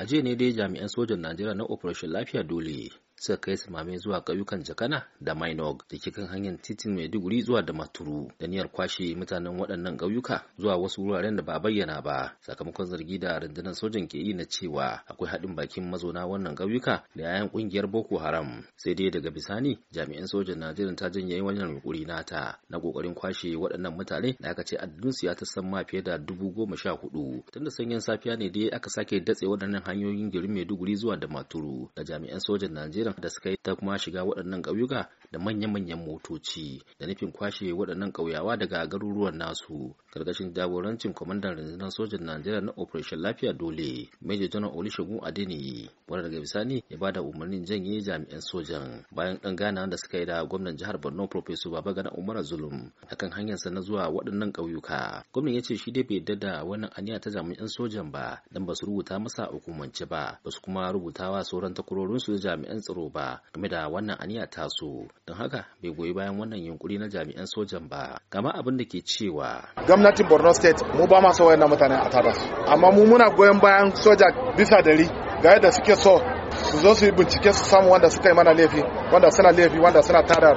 a jiya ne dai jami'an sojan najeriya na operation lafiya dole suka kai samame zuwa ƙauyukan Jakana da Mainog da ke kan hanyar titin mai Maiduguri zuwa da Maturu da niyyar kwashe mutanen waɗannan ƙauyuka zuwa wasu wuraren da ba bayyana ba sakamakon zargi da rundunar sojan ke yi na cewa akwai haɗin bakin mazauna wannan ƙauyuka da yayan ƙungiyar Boko Haram sai dai daga bisani jami'an sojan Najeriya ta janye wannan yunkuri nata na ƙoƙarin kwashe waɗannan mutane da aka ce adadinsu ya ta ma fiye da dubu goma sha hudu tunda sanyin safiya ne dai aka sake datse waɗannan hanyoyin mai Maiduguri zuwa da Maturu da jami'an sojan Najeriya da suka yi ta kuma shiga waɗannan ƙauyuka da manya-manyan motoci da nufin kwashe waɗannan ƙauyawa daga garuruwan nasu karkashin jagorancin kwamandan rundunar sojan najeriya na operation lafiya dole major general olusegun adeniyi wanda daga bisani ya bada umarnin janye jami'an sojan bayan ɗan gana da suka yi da gwamnan jihar borno professor babagana umar zulum akan hanyarsa na zuwa waɗannan ƙauyuka gwamnan ya ce shi dai bai yarda da wannan aniya ta jami'an sojan ba dan ba su rubuta masa hukumance ba ba su kuma rubutawa sauran takwarorinsu jami'an tsaro castro ba game da wannan aniya taso don haka bai goyi bayan wannan yunkuri na jami'an sojan ba gama abin da ke cewa gwamnatin borno state mu ba ma so wayannan mutane a tada amma mu muna goyon bayan soja bisa dari ga yadda suke so su zo su yi bincike su samu wanda suka yi mana laifi wanda suna laifi wanda suna tara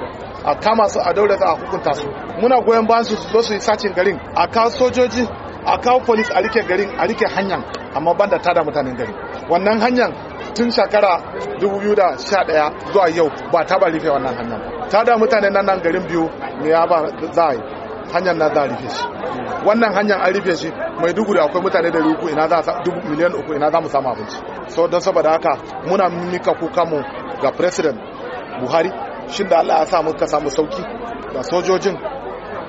a kama su a daure a hukunta su muna goyon bayan su zo su yi sacin garin a kawo sojoji a kawo polis a rike garin a rike hanyar amma banda tada mutanen gari wannan hanyar tun shakara 2011 zuwa yau ba ta ba rufe wannan hanyar ta da mutane nan nan garin biyu ne ya ba za a yi hanyar na za a rufe shi wannan hanyar an rufe shi mai da akwai mutane da uku ina za a dubu miliyan uku ina za mu samu abinci so don saboda haka muna mika kuka mu ga president buhari shi da allah ya sa muka samu sauki da sojojin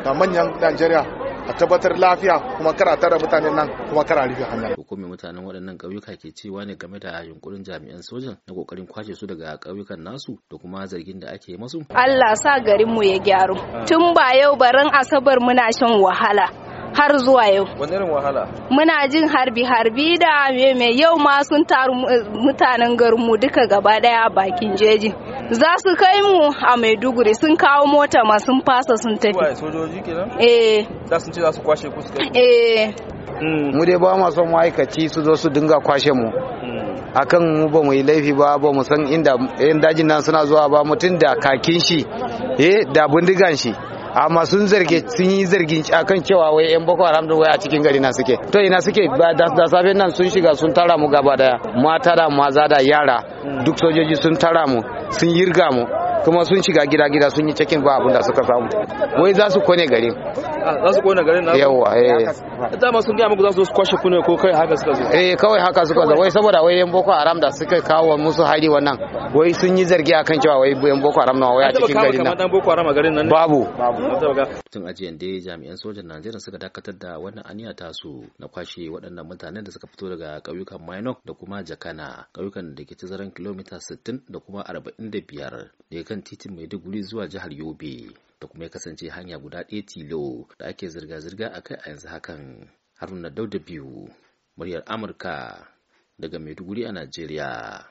da manyan najeriya a tabbatar lafiya kuma kara tara mutanen nan kuma kara rufe hanyar. hukumin mutanen waɗannan ƙauyuka ke cewa ne game da yunkurin jami'an sojan na ƙoƙarin kwashe su daga ƙauyukan nasu da kuma zargin da ake masu Allah sa garin mu ya gyaru tun ba yau barin asabar muna shan wahala har zuwa yau. Wani irin wahala? Muna jin harbi-harbi da me yau ma sun taru mutanen garinmu duka gaba daya bakin jeji. za su kai mu a maiduguri sun kawo mota ma sun fasa sun tafi sojoji kenan eh za su ce za su kwashe ku eh hmm. mu dai ba mu son ma'aikaci su zo su dinga kwashe mu hmm. akan mu ba mu yi laifi ba ba mu san inda yan dajin nan suna zuwa ba mutum da kakin shi eh da bindigan shi amma sun zarge sun yi zargin akan cewa wai yan boko haram da wai a cikin gari na suke to ina suke da safe nan sun shiga sun tara mu gaba daya mata da maza da yara duk sojoji sun tara mu sun yirga mu kuma sun shiga gida gida sun yi cikin ba abin da suka samu wai za su kone gari ah, za su kone gari na yawa eh ma sun gaya muku za su kwashe kune ko kai haka suka zo eh kawai haka suka zo wai saboda wai yan boko haram da suka kawo musu hari wannan wai sun yi zargi akan cewa wai yan boko haram na wai a cikin gari nan dan boko haram a garin nan babu tun ajiyan dai jami'an sojan Najeriya suka dakatar da wannan aniya ta su na kwashe waɗannan mutanen da suka fito daga ƙauyukan Minok da kuma Jakana ƙauyukan da ke tazaran kilomita 60 da kuma 45 da kan titin Maiduguri zuwa jihar Yobe da kuma ya kasance hanya guda ɗaya tilo da ake zirga-zirga a kai a yanzu hakan. Haruna Dauda biyu, muryar Amurka daga Maiduguri a Najeriya.